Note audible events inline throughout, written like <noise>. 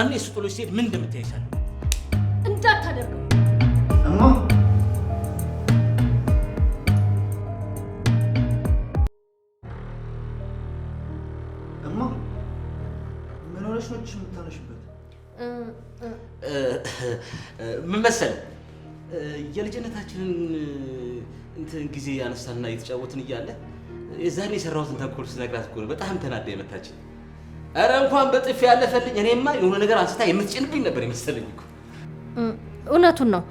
ያኔ ስጥሎች ሴት ምን እንደምታይቻለ እንዳታደርገው እማ እማ ምን ሆነሽ ነው የምታነሽበት? ምን መሰለ የልጅነታችንን እንትን ጊዜ አነሳና እየተጫወትን እያለ የዛኔ የሰራሁትን ተንኮል ስነግራት እኮ ነው በጣም ተናዳ የመታችን። ኧረ እንኳን በጥፊ ያለፈልኝ። እኔማ የሆነ ነገር አንስታ የምትጭንብኝ ነበር የመሰለኝ እኮ። እውነቱን ነው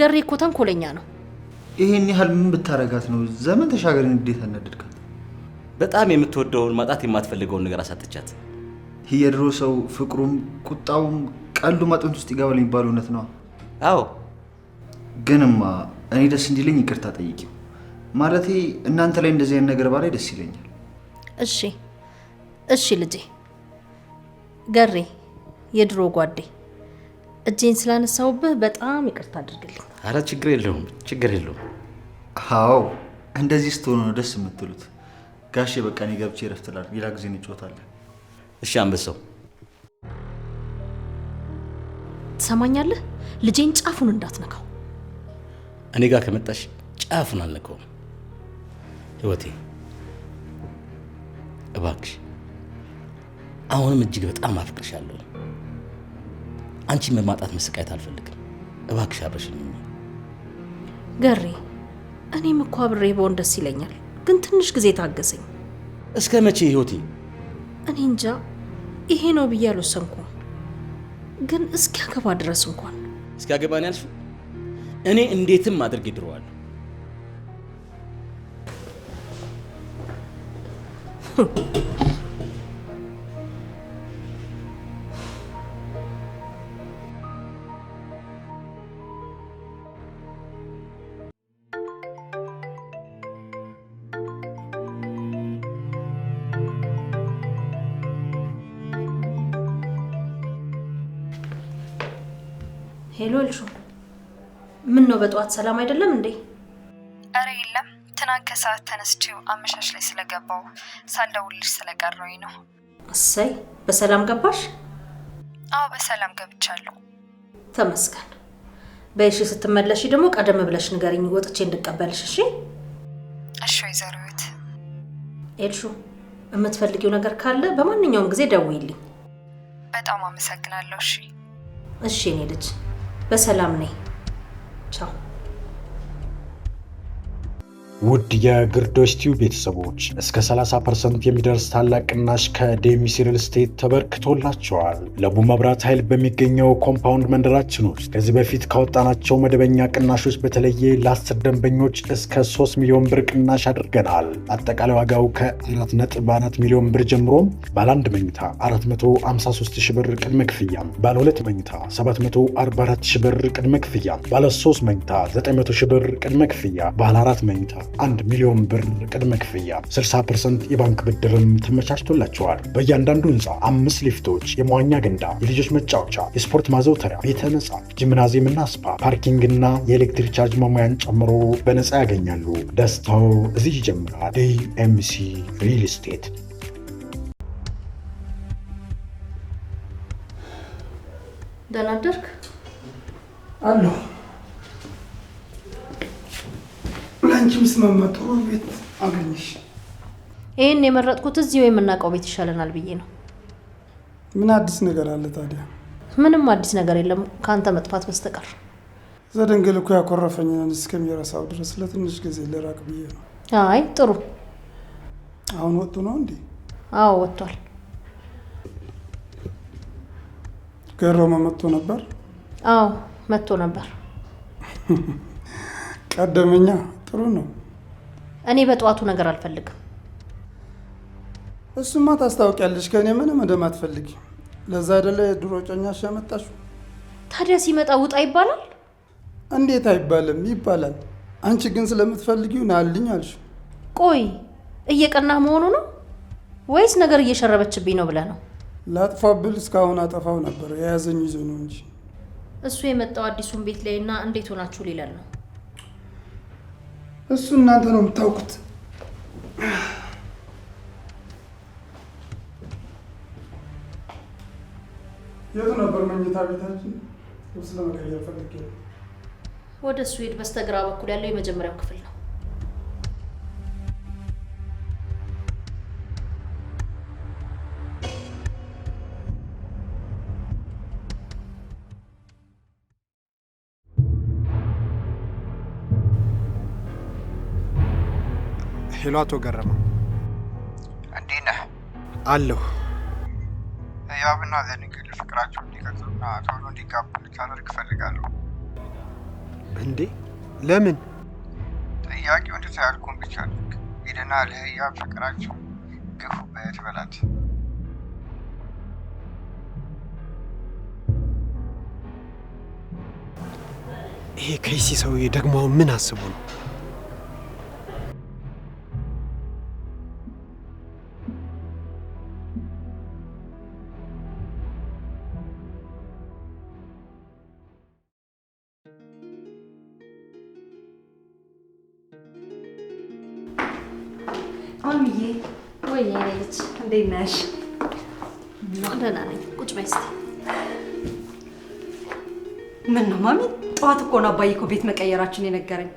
ገሬ እኮ ተንኮለኛ ነው። ይሄን ያህል ምን ብታረጋት ነው ዘመን ተሻገር እንዴት አናደድካት? በጣም የምትወደውን ማጣት የማትፈልገውን ነገር አሳጥቻት። የድሮ ሰው ፍቅሩም ቁጣውም ቀሉ አጥንት ውስጥ ይገባል የሚባል እውነት ነው። አዎ ግንማ እኔ ደስ እንዲለኝ ይቅርታ ጠይቂው። ማለቴ እናንተ ላይ እንደዚህ አይነት ነገር ባላይ ደስ ይለኛል። እሺ እሺ ልጄ ገሬ የድሮ ጓዴ እጄን ስላነሳውብህ በጣም ይቅርታ አድርግልኝ። አረ ችግር የለውም ችግር የለውም። አዎ እንደዚህ ስትሆኑ ነው ደስ የምትሉት። ጋሼ በቃ እኔ ገብቼ ይረፍትላል፣ ሌላ ጊዜ እንጫወታለን። እሺ አንበሳው፣ ትሰማኛለህ? ልጄን ጫፉን እንዳትነካው። እኔ ጋር ከመጣሽ ጫፉን አልነካውም። ህይወቴ እባክሽ አሁንም እጅግ በጣም አፍቅርሻለሁ። አንቺን መማጣት መሰቃየት አልፈልግም። እባክሽ አብረሽኝ ገሬ። እኔም እኮ አብሬ በሆን ደስ ይለኛል፣ ግን ትንሽ ጊዜ ታገሰኝ። እስከ መቼ ህይወቴ? እኔ እንጃ፣ ይሄ ነው ብዬ አልወሰንኩም፣ ግን እስኪያገባ ድረስ እንኳን እስኪያገባ ነው እኔ እንዴትም አድርጌ ድሮዋለሁ። Huh. <laughs> ሄሎ ልሹ፣ ምን ነው በጠዋት ሰላም አይደለም እንዴ? እረ የለም፣ ትናንት ከሰዓት ተነስቼው አመሻሽ ላይ ስለገባው ሳልደውልልሽ ስለቀረኝ ነው። እሰይ፣ በሰላም ገባሽ? አዎ በሰላም ገብቻለሁ። ተመስገን። በይሽ፣ ስትመለሽ ደግሞ ቀደም ብለሽ ንገሪኝ ወጥቼ እንድቀበልሽ። እሺ? እሺ ወይዘሮ ቤት። ኤልሹ፣ የምትፈልጊው ነገር ካለ በማንኛውም ጊዜ ደውይልኝ። በጣም አመሰግናለሁ። እሺ እሺ፣ እኔ ልጅ በሰላም ነኝ። ቻው ውድ የግርዶሽ ቲዩ ቤተሰቦች እስከ 30 ፐርሰንት የሚደርስ ታላቅ ቅናሽ ከዴሚስ ሪል ስቴት ተበርክቶላቸዋል። ለቡ መብራት ኃይል በሚገኘው ኮምፓውንድ መንደራችን ውስጥ ከዚህ በፊት ካወጣናቸው መደበኛ ቅናሾች በተለየ ለአስር ደንበኞች እስከ 3 ሚሊዮን ብር ቅናሽ አድርገናል። አጠቃላይ ዋጋው ከ4.4 ሚሊዮን ብር ጀምሮ ባለ 1 መኝታ 453 ሺ ብር ቅድመ ክፍያ፣ ባለ 2 መኝታ 744 ሺ ብር ቅድመ ክፍያ፣ ባለ 3 መኝታ 900 ሺ ብር ቅድመ ክፍያ፣ ባለ 4 መኝታ 1 ሚሊዮን ብር ቅድመ ክፍያ 60 ፐርሰንት የባንክ ብድርም ተመቻችቶላቸዋል። በእያንዳንዱ ህንፃ አምስት ሊፍቶች፣ የመዋኛ ገንዳ፣ የልጆች መጫወቻ፣ የስፖርት ማዘውተሪያ፣ ቤተ መጻሕፍት፣ ጂምናዚየምና ስፓ፣ ፓርኪንግና የኤሌክትሪክ ቻርጅ መሙያን ጨምሮ በነፃ ያገኛሉ። ደስታው እዚህ ይጀምራል። ዲኤምሲ ሪል ስቴት። ደህና አደርክ አለሁ ለአንቺ የሚስማማ ጥሩ ቤት አገኘሽ። ይህን የመረጥኩት እዚሁ የምናውቀው ቤት ይሻለናል ብዬ ነው። ምን አዲስ ነገር አለ ታዲያ? ምንም አዲስ ነገር የለም ከአንተ መጥፋት በስተቀር። ዘደንገል እኮ ያኮረፈኝን እስከሚረሳው ድረስ ለትንሽ ጊዜ ልራቅ ብዬ ነው። አይ ጥሩ። አሁን ወጡ ነው እንዴ? አዎ ወጥቷል። ገሮመ መጥቶ ነበር? አዎ መጥቶ ነበር። ቀደመኛ ጥሩ ነው። እኔ በጠዋቱ ነገር አልፈልግም። እሱማ ታስታውቂያለሽ፣ ከእኔ ምንም እንደማትፈልጊ። ለዛ አይደለ የድሮ ጨኛሽ ያመጣሽው? ታዲያ ሲመጣ ውጣ ይባላል? እንዴት አይባልም? ይባላል። አንቺ ግን ስለምትፈልጊው ናልኝ አልሽ። ቆይ እየቀናህ መሆኑ ነው ወይስ ነገር እየሸረበችብኝ ነው ብለህ ነው? ላጥፋ ብል እስካሁን አጠፋው ነበር። የያዘኝ ይዞ ነው እንጂ እሱ የመጣው አዲሱን ቤት ላይ እና እንዴት ሆናችሁ ሊለን ነው እሱ እናንተ ነው የምታውቁት። የቱ ነበር መኝታ ቤታችን? ልብስ ለመቀየር ፈልጌ ወደ እሱ ሂድ። በስተግራ በኩል ያለው የመጀመሪያው ክፍል ነው። ሄሎ፣ አቶ ገረመው እንዴት ነህ? አለሁ። ያብና ዘንግል ፍቅራቸው እንዲቀጥሉና ቶሎ እንዲጋቡ ልታደርግ እፈልጋለሁ። እንዴ ለምን? ጥያቄው እንድታያልኩን ብቻ ልክ ሄደና ለህያብ ፍቅራቸው በየት በላት። ይሄ ከይሲ ሰውዬ ደግሞ ምን አስቡ ነው? ሀልምዬ ወይ ልጅ እንዴት ነሽ? ደህና ነኝ። ቁጭ በይ እስኪ። ምን ነው ማሚ፣ ጠዋት እኮ ነው አባዬ እኮ ቤት መቀየራችን የነገረኝ።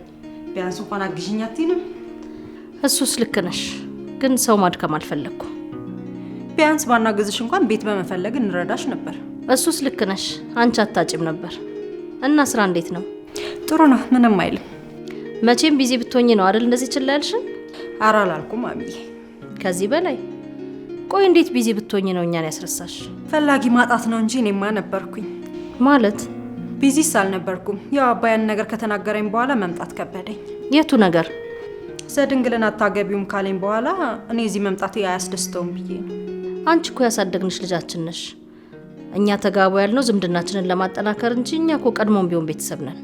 ቢያንስ እንኳን አግዥኝ አትይንም? እሱስ ልክ ነሽ፣ ግን ሰው ማድከም አልፈለግኩም። ቢያንስ ባናግዝሽ እንኳን ቤት በመፈለግ እንረዳሽ ነበር። እሱስ ልክ ነሽ፣ አንቺ አታጭም ነበር። እና ስራ እንዴት ነው? ጥሩ ነው፣ ምንም አይልም። መቼም ቢዚ ብትሆኝ ነው አይደል እንደዚህ ችላ ያልሽን አራላልኩም አላልኩም ከዚህ በላይ ቆይ፣ እንዴት ቢዚ ብትሆኝ ነው እኛን ያስረሳሽ? ፈላጊ ማጣት ነው እንጂ እኔማ ነበርኩኝ። ማለት ቢዚስ አልነበርኩም። ያው አባያን ነገር ከተናገረኝ በኋላ መምጣት ከበደኝ። የቱ ነገር? ዘድንግልን አታገቢውም ካለኝ በኋላ እኔ እዚህ መምጣት አያስደስተውም ብዬ ነው። አንቺ እኮ ያሳደግንሽ ልጃችን ነሽ። እኛ ተጋቡ ያልነው ዝምድናችንን ለማጠናከር እንጂ እኛ እኮ ቀድሞም ቢሆን ቤተሰብ ነን።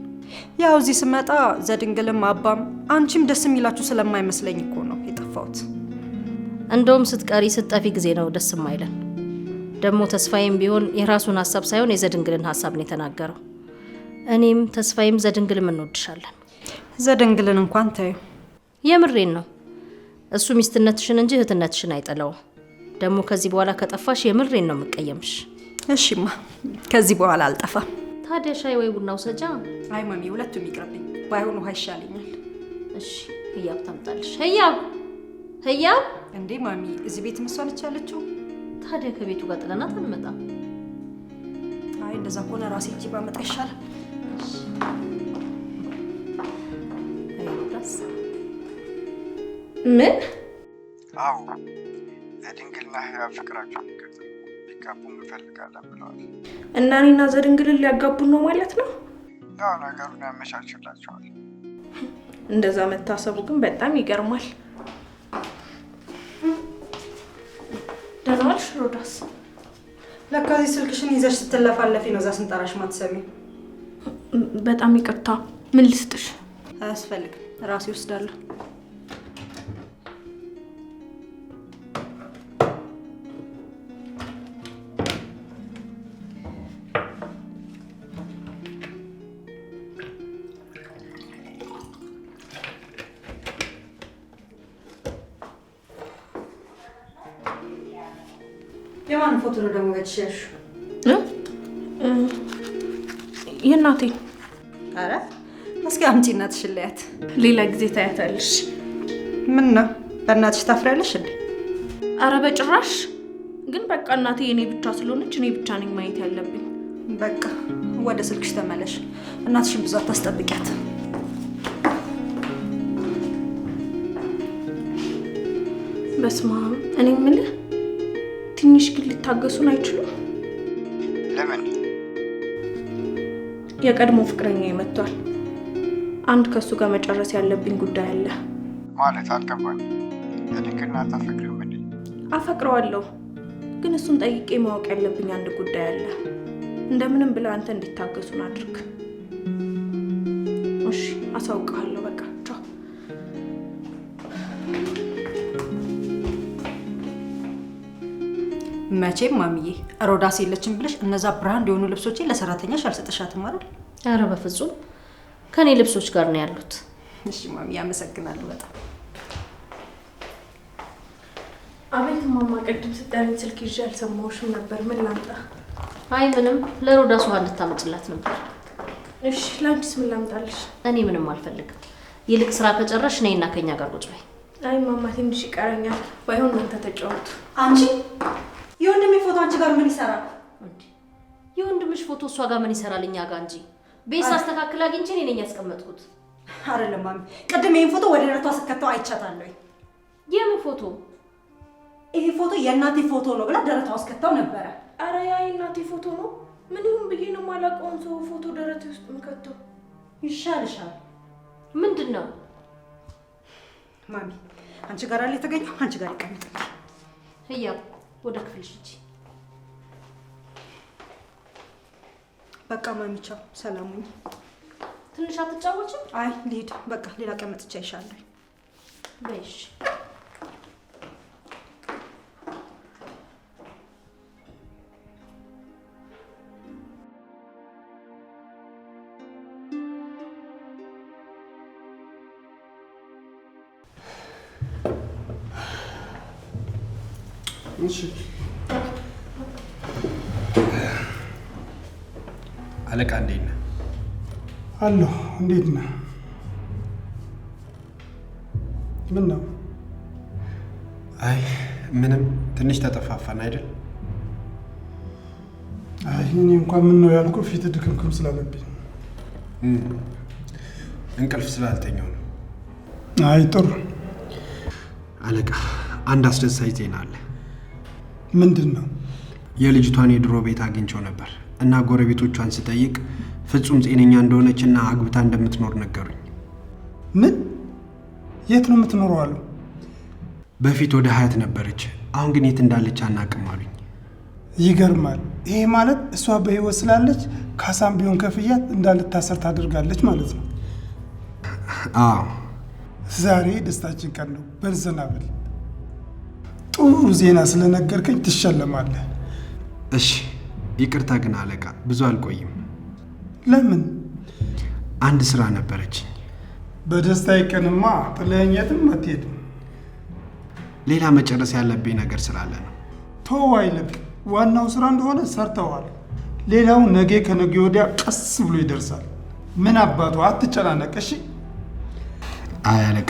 ያው እዚህ ስመጣ ዘድንግልም አባም አንቺም ደስ የሚላችሁ ስለማይመስለኝ እኮ ነው አጠፋሁት። እንደውም ስትቀሪ ስትጠፊ ጊዜ ነው ደስ የማይለን። ደግሞ ተስፋዬም ቢሆን የራሱን ሀሳብ ሳይሆን የዘድንግልን ሀሳብ ነው የተናገረው። እኔም ተስፋዬም ዘድንግልም እንወድሻለን። ዘድንግልን እንኳን ታዩ። የምሬን ነው። እሱ ሚስትነትሽን እንጂ እህትነትሽን አይጠላውም። ደግሞ ከዚህ በኋላ ከጠፋሽ የምሬን ነው የምቀየምሽ። እሺማ፣ ከዚህ በኋላ አልጠፋም። ታዲያ ሻይ ወይ ቡናው ሰጃ? አይ ማሚ፣ ሁለቱም ይቅርብኝ። ባይሆን ውሃ ይሻለኛል። እሺ፣ ህያብ ታምጣልሽ። ህያብ ህያብ እንዴ ማሚ፣ እዚህ ቤት መሷለች ያለችው? ታዲያ ከቤቱ ጋር ጥለናት አንመጣም? አይ እንደዛ ከሆነ ራሴ እጅ ባመጣ ይሻላል። ምን? አዎ ዘድንግልና ህያብ ፍቅራቸው ሊቀጥ ሊጋቡ እንፈልጋለን ብለዋል። እና እኔና ዘድንግልን ሊያጋቡን ነው ማለት ነው? ያው ነገሩን ያመቻችላቸዋል። እንደዛ መታሰቡ ግን በጣም ይገርማል። ለዛዋልሽ ሮዳስ ለካ እዚህ ስልክሽን ይዘሽ ስትለፋለፊ ነው እዛ ስንጠራሽ ማትሰሚ። በጣም ይቅርታ። ምን ልስጥሽ? አያስፈልግም፣ ራሴ እወስዳለሁ። የእናቴ ኧረ እስኪ አምጪ እናትሽ ለያት። ሌላ ጊዜ ታያታለሽ። ምን ነው በእናትሽ ታፍሪያለሽ እንዴ? ኧረ በጭራሽ። ግን በቃ እናቴ የእኔ ብቻ ስለሆነች እኔ ብቻ ነኝ ማየት ያለብኝ። በቃ ወደ ስልክሽ ተመለሽ። እናትሽን ብዙ አታስጠብቂያት። በስማ እኔ የምልህ ትንሽ ግን ሊታገሱን አይችሉም። ለምን? የቀድሞ ፍቅረኛ ይመጥቷል። አንድ ከእሱ ጋር መጨረስ ያለብኝ ጉዳይ አለ። ማለት አልገባኝ። እልክና አታፈቅሪው? ምን? አፈቅረዋለሁ፣ ግን እሱን ጠይቄ ማወቅ ያለብኝ አንድ ጉዳይ አለ። እንደምንም ብለህ አንተ እንዲታገሱን አድርግ። እሺ፣ አሳውቅሃለሁ። መቼም ማሚዬ ሮዳስ የለችም ብለሽ እነዛ ብራንድ የሆኑ ልብሶቼ ለሰራተኛሽ አልሰጠሻትም አይደል? አረ በፍጹም ከኔ ልብሶች ጋር ነው ያሉት። እሺ ማሚ አመሰግናለሁ በጣም። አቤት ማማ፣ ቅድም ስጠሪ ስልክ ይዤ አልሰማሁሽም ነበር። ምን ላምጣ? አይ ምንም፣ ለሮዳስ ውሃ እንድታመጭላት ነበር። እሺ ለአንቺስ ምን ላምጣልሽ? እኔ ምንም አልፈልግም። ይልቅ ስራ ከጨረሽ ነይና ከኛ ጋር ቁጭ በይ። አይ ማማ፣ ትንሽ ይቀረኛል። ባይሆን እናንተ ተጫወቱ አንቺ ፎቶ አንቺ ጋር ምን ይሰራል? የወንድምሽ ፎቶ እሷ ጋር ምን ይሰራል? እኛ ጋር እንጂ ቤስ ሳስተካክል አግኝቼ እኔ ነኝ ያስቀመጥኩት። አይደለም ማሚ፣ ቅድም ይህን ፎቶ ወደ ደረቷ ስከተው አይቻታለሁ። የምን ፎቶ? ይሄ ፎቶ የእናቴ ፎቶ ነው ብላ ደረቷ አስከተው ከተው ነበረ። አረ ያ የእናቴ ፎቶ ነው። ምን ይሁን ብዬ ነው የማላውቀውን ሰው ፎቶ ደረት ውስጥ የምከተው? ይሻልሻል። ምንድን ነው ማሚ፣ አንቺ ጋር አለ የተገኘው አንቺ ጋር ይቀመጥ። ህያብ ወደ ክፍልሽ በቃ ማሚቻው ሰላሙኝ። ትንሽ አትጫወችም? አይ ልሂድ በቃ ሌላ ቀን መጥቻ ይሻለኝ። አለሁ። እንዴት ነህ? ምን ነው? አይ ምንም፣ ትንሽ ተጠፋፋን አይደል? አይ እኔ እንኳን ምን ነው ያልኩህ ፊት ድክምክም ስላለብኝ እንቅልፍ ስላልተኛው ነው። አይ ጥሩ አለቃ፣ አንድ አስደሳች ዜና አለ። ምንድን ነው? የልጅቷን የድሮ ቤት አግኝቸው ነበር እና ጎረቤቶቿን ስጠይቅ ፍጹም ጤነኛ እንደሆነችና አግብታ እንደምትኖር ነገሩኝ። ምን? የት ነው የምትኖረው አሉ። በፊት ወደ ሀያት ነበረች፣ አሁን ግን የት እንዳለች አናቅም አሉኝ። ይገርማል። ይሄ ማለት እሷ በህይወት ስላለች ካሳም ቢሆን ከፍያት እንዳልታሰር ታደርጋለች ማለት ነው። አዎ፣ ዛሬ ደስታችን ቀን ነው። በል ዘና በል። ጥሩ ዜና ስለነገርከኝ ትሸለማለህ። እሺ ይቅርታ ግን አለቃ ብዙ አልቆይም። ለምን? አንድ ስራ ነበረችኝ። በደስታ ይቀንማ ጥለኸኝ የትም አትሄድም። ሌላ መጨረስ ያለብኝ ነገር ስላለ ነው። ተወው አይልቅ። ዋናው ስራ እንደሆነ ሰርተዋል። ሌላው ነገ ከነገ ወዲያ ቀስ ብሎ ይደርሳል። ምን አባቷ አትጨናነቅ። እሺ። አይ አለቃ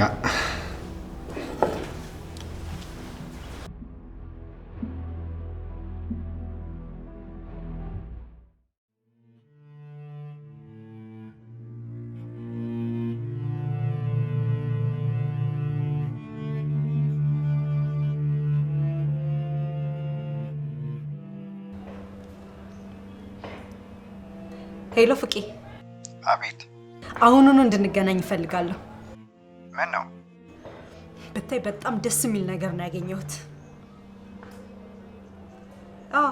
ሄሎ ፍቄ። አቤት። አሁኑኑ እንድንገናኝ እፈልጋለሁ። ምን ነው? ብታይ በጣም ደስ የሚል ነገር ነው ያገኘሁት። አዎ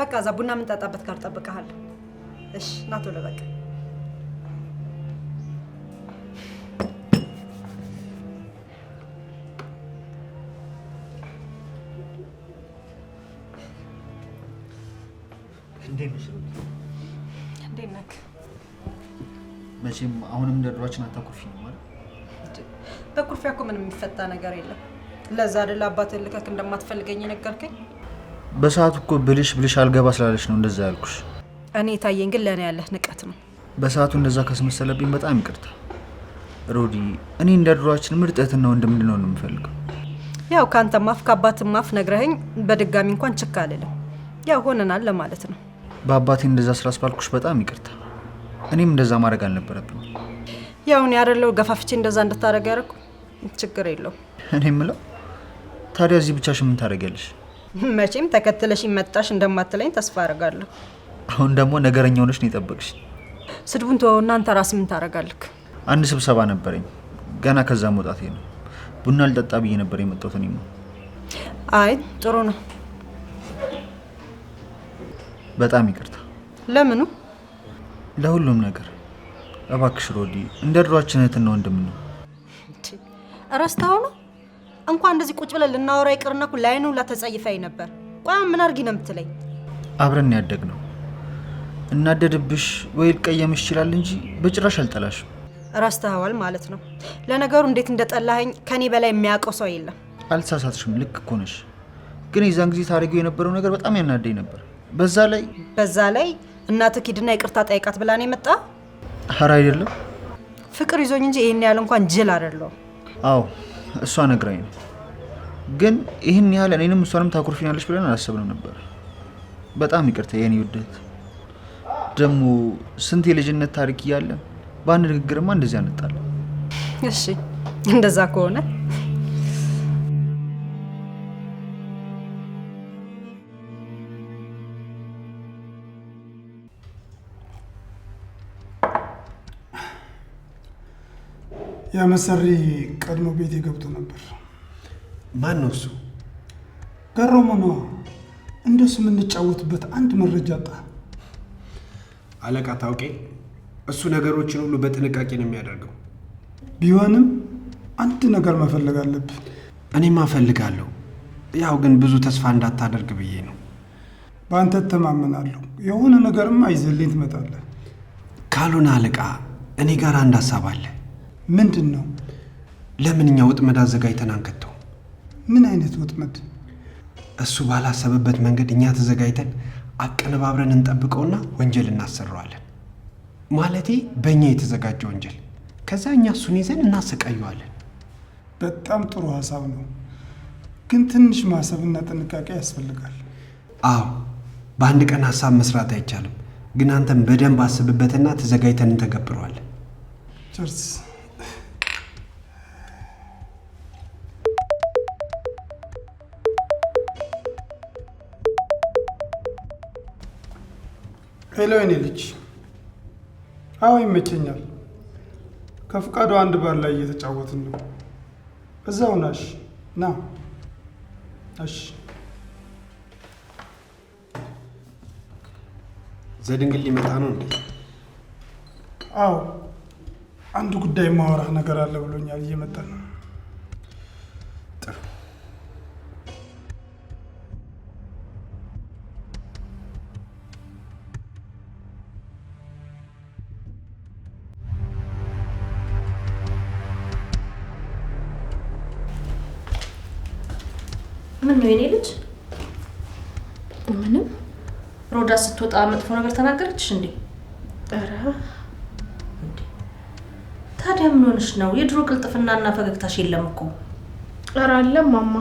በቃ እዛ ቡና የምንጠጣበት ጋር ጠብቀሃል። እሺ ና ቶሎ በቃ እንዴት መቼም አሁንም እንደ ድሯችን አንተ ነው ማለት በኩርፊያ እኮ ምንም የሚፈታ ነገር የለም። ለዛ አይደል አባትህ ልከክ እንደማትፈልገኝ የነገርከኝ? በሰዓቱ እኮ ብልሽ ብልሽ አልገባ ስላለች ነው እንደዛ ያልኩሽ። እኔ የታየኝ ግን ለእኔ ያለህ ንቀት ነው። በሰዓቱ እንደዛ ካስመሰለብኝ በጣም ይቅርታ ሮዲ። እኔ እንደ ድሯችን ምርጥ እህትና ወንድም ነው የምፈልገው። ያው ከአንተ ማፍ ከአባት ማፍ ነግረህኝ በድጋሚ እንኳን ችካ አልልም። ያው ሆነናል ለማለት ነው። በአባቴ እንደዛ ስላስባልኩሽ በጣም ይቅርታ እኔም እንደዛ ማድረግ አልነበረብኝ። ያው እኔ አይደለሁ ገፋፍቼ እንደዛ እንድታደርግ ያደረኩ። ችግር የለውም። እኔ የምለው ታዲያ እዚህ ብቻሽን ምን ታደርጊያለሽ? መቼም ተከትለሽ መጣሽ እንደማትለኝ ተስፋ አደርጋለሁ። አሁን ደግሞ ነገረኛ ሆነሽ ነው የጠበቅሽ። ስድቡን ተወው። እናንተ ራስ ምን ታደርጋለህ? አንድ ስብሰባ ነበረኝ ገና ከዛ መውጣቴ ነው። ቡና ልጠጣ ብዬ ነበር የመጣሁት እኔማ። አይ ጥሩ ነው። በጣም ይቅርታ። ለምኑ? ለሁሉም ነገር እባክሽ ሮዲ፣ እንደ ድሯችን እህትና ወንድም ነው። እረስተኸው ነው? እንኳን እንደዚህ ቁጭ ብለን ልናወራ ይቅርና እኮ ላይኑ ሁላ ተጸይፈኝ ነበር። ቆይ ምን አድርጊ ነው የምትለኝ? አብረን ያደግ ነው። እናደድብሽ ወይ ልቀየምሽ ይችላል እንጂ በጭራሽ አልጠላሽም። እረስተኸዋል ማለት ነው። ለነገሩ እንዴት እንደጠላኸኝ ከኔ በላይ የሚያውቀው ሰው የለም። አልሳሳትሽም፣ ልክ እኮ ነሽ። ግን የዛን ጊዜ ታሪጉ የነበረው ነገር በጣም ያናደኝ ነበር። በዛ ላይ በዛ ላይ እናትህ ሂድና ይቅርታ ጠይቃት ብላ ነው የመጣ? ኧረ አይደለም ፍቅር ይዞኝ እንጂ ይህን ያህል እንኳን ጅል አይደለሁም። አዎ እሷ ነግራኝ ነው። ግን ይህን ያህል እኔንም እሷንም ታኮርፊኛለች ብለን አላሰብንም ነበር። በጣም ይቅርታ የኔ ውደት። ደግሞ ስንት የልጅነት ታሪክ እያለን በአንድ ንግግርማ እንደዚህ አንጣለን። እሺ እንደዛ ከሆነ ያ መሰሪ ቀድሞ ቤቴ ገብቶ ነበር። ማን ነው እሱ? ገረሞ ነው። እንደሱ የምንጫወትበት አንድ መረጃ ጣ አለቃ ታውቄ እሱ ነገሮችን ሁሉ በጥንቃቄ ነው የሚያደርገው። ቢሆንም አንድ ነገር መፈለግ አለብን እኔም አፈልጋለሁ። ያው ግን ብዙ ተስፋ እንዳታደርግ ብዬ ነው። በአንተ እተማመናለሁ። የሆነ ነገርም አይዘልኝ ትመጣለህ። ካልሆነ አለቃ እኔ ጋር አንድ ሀሳብ አለ። ምንድን ነው? ለምን እኛ ወጥመድ አዘጋጅተን አንከተው? ምን አይነት ወጥመድ? እሱ ባላሰበበት መንገድ እኛ ተዘጋጅተን አቀነባብረን እንጠብቀውና ወንጀል እናሰራዋለን። ማለቴ በእኛ የተዘጋጀ ወንጀል። ከዛ እኛ እሱን ይዘን እናሰቃየዋለን። በጣም ጥሩ ሀሳብ ነው፣ ግን ትንሽ ማሰብና ጥንቃቄ ያስፈልጋል። አዎ፣ በአንድ ቀን ሀሳብ መስራት አይቻልም፣ ግን አንተም በደንብ አስብበትና ተዘጋጅተን እንተገብረዋለን። ቸርስ ሄሎ የኔ ልጅ። አዎ ይመቸኛል። ከፍቃዱ አንድ ባር ላይ እየተጫወትን ነው። እዛው ናሽ ና። እሺ ዘድንግል ሊመጣ ነው እንዴ? አዎ አንድ ጉዳይ ማወራህ ነገር አለ ብሎኛል። እየመጣ ነው ነው የኔ ልጅ? ምንም ሮዳ ስትወጣ መጥፎ ነገር ተናገረችሽ እንዴ? ኧረ ታዲያ ምን ሆነሽ ነው? የድሮ ቅልጥፍናና ፈገግታሽ የለም እኮ። ኧረ አለ ማማ።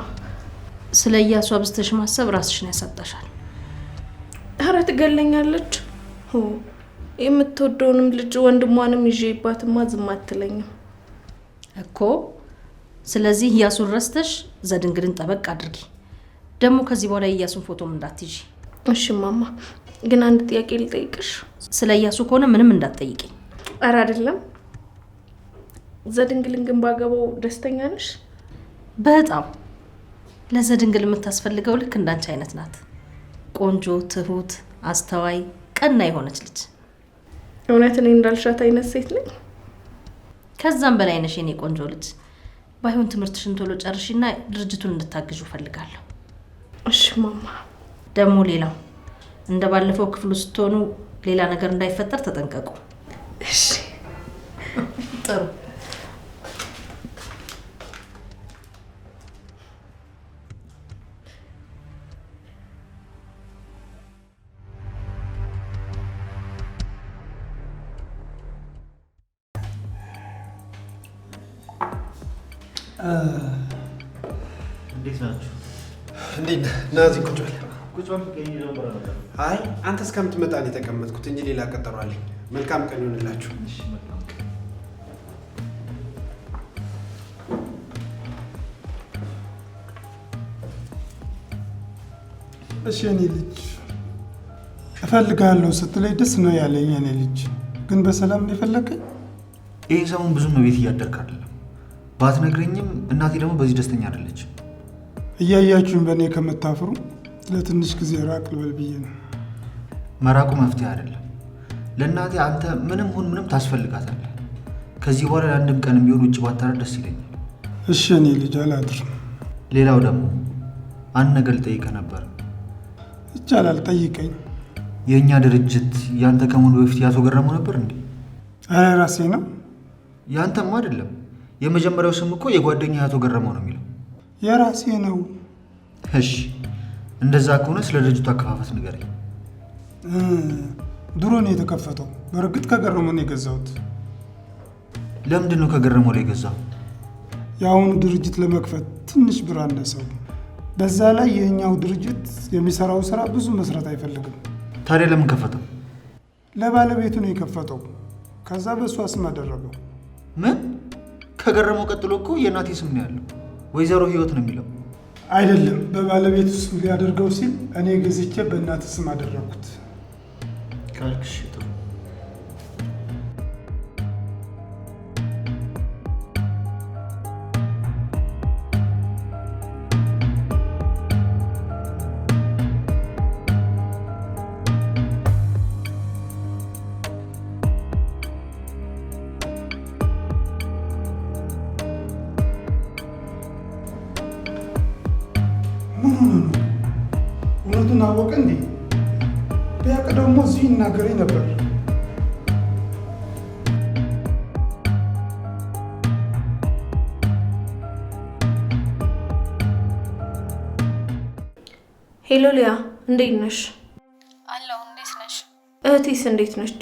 ስለ እያሱ አብዝተሽ ማሰብ ራስሽን ያሳጣሻል። ኧረ ትገለኛለች። የምትወደውንም ልጅ ወንድሟንም ይዤባትማ ዝም አትለኝም እኮ። ስለዚህ እያሱን ረስተሽ ዘድንግድን ጠበቅ አድርጊ። ደግሞ ከዚህ በኋላ የእያሱን ፎቶም እንዳትይዥ እሺ? ማማ ግን አንድ ጥያቄ ልጠይቅሽ። ስለ እያሱ ከሆነ ምንም እንዳትጠይቅኝ። ኧረ አይደለም። ዘድንግልን ግን ባገባው ደስተኛ ነሽ? በጣም ለዘድንግል የምታስፈልገው ልክ እንዳንቺ አይነት ናት። ቆንጆ፣ ትሁት፣ አስተዋይ፣ ቀና የሆነች ልጅ። እውነት እኔ እንዳልሻት አይነት ሴት ነኝ። ከዛም በላይ ነሽ የኔ ቆንጆ ልጅ። ባይሆን ትምህርትሽን ቶሎ ጨርሽና ድርጅቱን እንድታግዥ እፈልጋለሁ። እሺ ማማ። ደግሞ ሌላው እንደ ባለፈው ክፍሉ ስትሆኑ ሌላ ነገር እንዳይፈጠር ተጠንቀቁ። እሺ ጥሩ እና እዚህ ቁጭ በል አይ አንተ እስከምትመጣ ነው የተቀመጥኩት እንጂ ሌላ ቀጠሮ አለኝ። መልካም ቀን ይሆንላችሁ። እሺ የኔ ልጅ እፈልጋለሁ ስትለኝ ደስ ነው ያለኝ። የኔ ልጅ ግን በሰላም ነው የፈለገኝ። ይህ ሰሞን ብዙም ቤት እያደርክ አይደለም። ባትነግረኝም እናቴ ደግሞ በዚህ ደስተኛ አይደለች። እያያችሁን በእኔ ከምታፍሩ ለትንሽ ጊዜ ራቅ ልበል ብዬ ነው። መራቁ መፍትሄ አይደለም። ለእናቴ አንተ ምንም ሁን ምንም ታስፈልጋታለህ። ከዚህ በኋላ ለአንድም ቀን ቢሆን ውጭ ባታረር ደስ ይለኛል። እሺ እኔ ልጅ አላድር። ሌላው ደግሞ አንድ ነገር ልጠይቀ ነበር። ይቻላል ጠይቀኝ። የእኛ ድርጅት ያንተ ከመሆኑ በፊት ያቶ ገረመው ነበር እንዴ? ኧረ ራሴ ነው። ያንተማ አይደለም። የመጀመሪያው ስም እኮ የጓደኛ ያቶ ገረመው ነው የሚለው የራሴ ነው። እሺ፣ እንደዛ ከሆነ ስለ ድርጅቱ አከፋፈት ንገረኝ። ድሮ ነው የተከፈተው። በእርግጥ ከገረመ ነው የገዛሁት። ለምንድን ነው ከገረመ ላይ የገዛው? የአሁኑ ድርጅት ለመክፈት ትንሽ ብር አነሰው። በዛ ላይ የእኛው ድርጅት የሚሰራው ስራ ብዙ መስራት አይፈልግም። ታዲያ ለምን ከፈተው? ለባለቤቱ ነው የከፈተው። ከዛ በእሷ ስም አደረገው። ምን? ከገረመው ቀጥሎ እኮ የእናቴ ስም ነው ያለው። ወይዘሮ ህይወት ነው የሚለው አይደለም። በባለቤት ስም ሊያደርገው ሲል እኔ ገዝቼ በእናት ስም አደረኩት ካልክሽ ይህን አወቀ እንዴ? ቢያውቅ ደግሞ እዚህ ይናገረኝ ነበር። ሄሎ ሊያ፣ እንዴት ነሽ? አለሁ። እንዴት ነሽ? እህቴስ እንዴት ነች?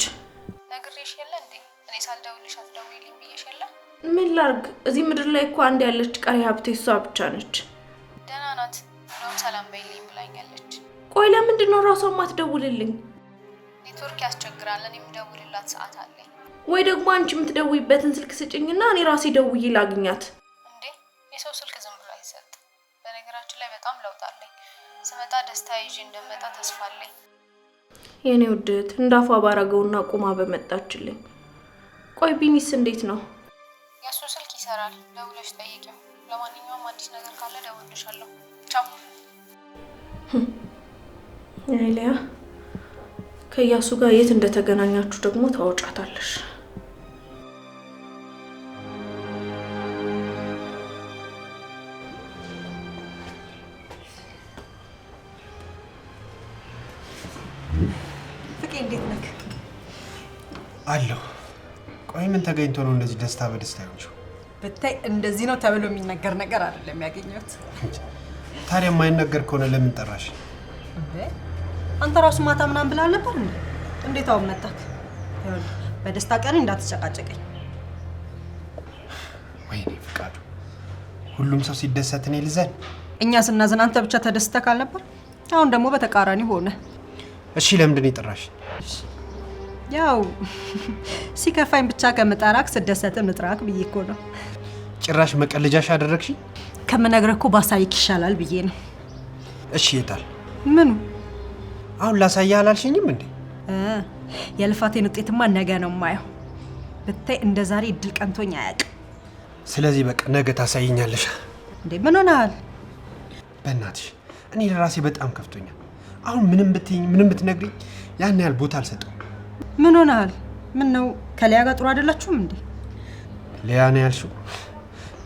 ነግሬሽ የለ እንዴ? እኔ ሳልደውልሽ አትደውይልኝ ብዬሽ የለ? ምን ላርግ? እዚህ ምድር ላይ እኮ አንድ ያለች ቀሪ ሀብቴ እሷ ብቻ ነች። ደህና ናት፣ እንደውም ሰላም በይልኝ ብላኛለች። ቆይ ለምንድን ነው እራሷ ማትደውልልኝ? ኔትወርክ ያስቸግራል። እኔ የምደውልላት ሰዓት አለኝ። ወይ ደግሞ አንቺ የምትደውይበትን ስልክ ስጭኝና እኔ ራሴ ደውዬ ላግኛት። እንዴ የሰው ስልክ ዝም ብሎ አይሰጥ። በነገራችን ላይ በጣም ለውጣለኝ። ስመጣ ደስታ ይዤ እንደመጣ ተስፋ አለኝ። የእኔ ውድት እንዳፏ ባረገውና ቁማ በመጣችልኝ። ቆይ ቢኒስ እንዴት ነው? የእሱ ስልክ ይሰራል። ደውለሽ ጠይቂው። ለማንኛውም አዲስ ነገር ካለ ደውልሻለሁ። ቻው ሊያ ከእያሱ ጋር የት እንደተገናኛችሁ ደግሞ ታወጫታለሽ። ፍቄ አለሁ። ቆይ ምን ተገኝቶ ነው እንደዚህ ደስታ በደስታ ይሆንሽው? ብታይ እንደዚህ ነው ተብሎ የሚነገር ነገር አይደለም ያገኘሁት። ታዲያ የማይነገር ከሆነ ለምን ጠራሽ? አንተ ራሱ ማታ ምናምን ብላ ነበር እንዴ? እንዴት አሁን መጣክ? በደስታ ቀን እንዳትጨቃጨቀኝ። ወይኔ ፍቃዱ፣ ሁሉም ሰው ሲደሰት እኔ ልዘን? እኛ ስናዘን አንተ ብቻ ተደስተክ ካልነበር አሁን ደግሞ በተቃራኒ ሆነ። እሺ ለምንድን የጠራሽ? ያው ሲከፋኝ ብቻ ከምጠራክ ስደሰትም ልጥራክ ብዬ እኮ ነው። ጭራሽ መቀለጃሽ አደረግሽ። ከምነግረህ ባሳይክ ይሻላል ብዬ ነው። እሺ የታል ምኑ አሁን ላሳያ አላልሽኝም እንዴ? የልፋቴን ውጤትማ ነገ ነው ማየው። ብታይ እንደ ዛሬ እድል ቀንቶኝ አያውቅም። ስለዚህ በቃ ነገ ታሳይኛለሽ። እንዴ ምን ሆናል? በእናትሽ እኔ ለራሴ በጣም ከፍቶኛል። አሁን ምንም ብትይኝ ምንም ብትነግሪኝ ያን ያህል ቦታ አልሰጠውም። ምን ሆናል? ምን ነው ከሊያ ጋር ጥሩ አይደላችሁም እንዴ? ሊያ ነው ያልሽው?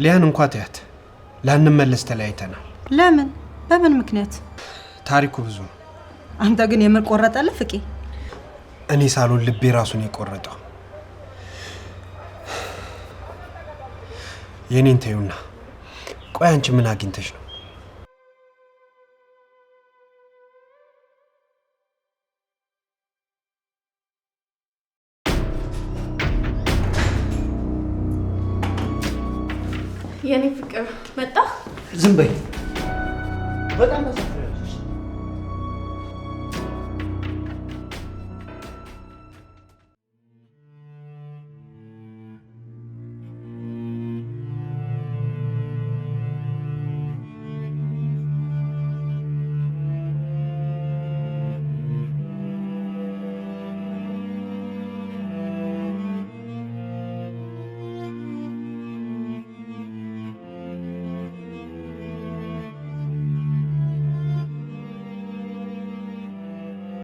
ሊያን እንኳ ትያት፣ ላንመለስ ተለያይተናል። ለምን? በምን ምክንያት? ታሪኩ ብዙ ነው። አንተ ግን የምር ቆረጠልህ ፍቄ? እኔ ሳሎን ልቤ ራሱን የቆረጠው የኔን ተዩና፣ ቆይ አንቺ ምን አግኝተሽ ነው? የኔ ፍቅር መጣ። ዝም በይ በጣም